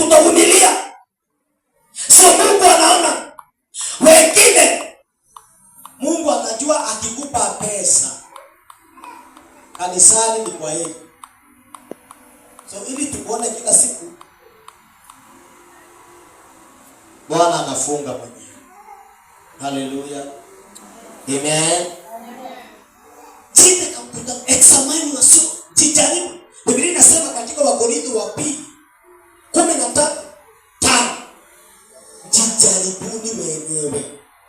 kutovumilia. Sio Mungu anaona wengine. Mungu anajua akikupa pesa kanisani ni kwa hili. So ili tukuone kila siku Bwana anafunga mwenyewe. Haleluya. Amen. Sita kakuta wasio jijaribu. Biblia inasema katika Wakorintho wa pili Jijaribuni mwenyewe,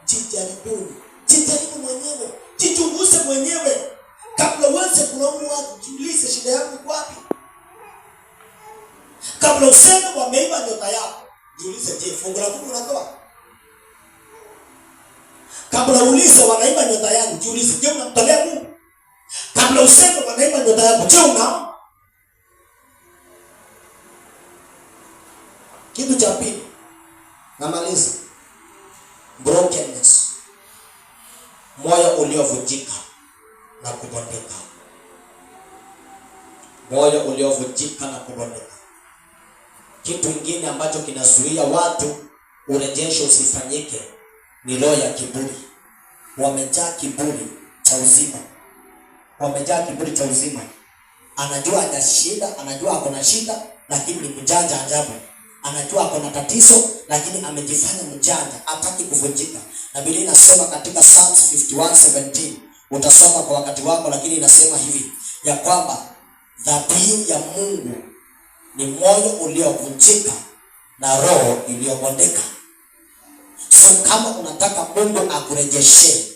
jijaribuni, jijaribu mwenyewe, jichunguze mwenyewe kabla uweze kulaumu watu. Jiulize, shida yako iko wapi? Kabla useme wameiba nyota yako, jiulize, je, fungu la kumi unatoa? Kabla ulize wanaiba nyota yangu, jiulize, je, unamtolea Mungu? Kabla useme wanaiba nyota yako, je, una kitu cha pili, namaliza brokenness, moyo uliovunjika na kubondeka, moyo uliovunjika na kubondeka. Kitu kingine ambacho kinazuia watu urejesho usifanyike ni roho ya kiburi. Wamejaa kiburi cha uzima, wamejaa kiburi cha uzima. Anajua ana shida, anajua ako na shida, lakini ni kujanja ajabu anajua ako na tatizo, lakini amejifanya mjanja, hataki kuvunjika. Na Biblia inasema katika Psalms 51:17 utasoma kwa wakati wako, lakini inasema hivi ya kwamba dhabihu ya Mungu ni moyo uliovunjika na roho iliyobondeka. So kama unataka Mungu akurejeshe,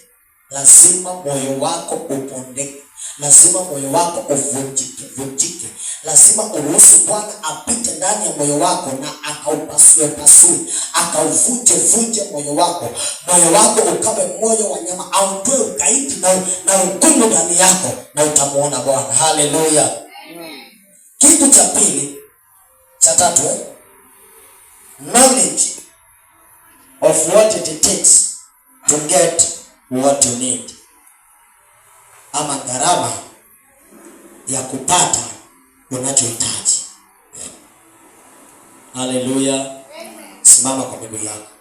lazima moyo wako ubondeke, lazima moyo wako uvunjike vunjike lazima uruhusu Bwana apite ndani ya moyo wako na akaupasue pasue, akauvunje vunje moyo wako, moyo wako ukawe moyo wa nyama, autoe ukaidi na, na ugumu ndani yako, na utamwona Bwana. Haleluya! Kitu cha pili cha tatu, eh? knowledge of what it takes to get what you need, ama gharama ya kupata unachohitaji. Haleluya, simama kwa miguu yako.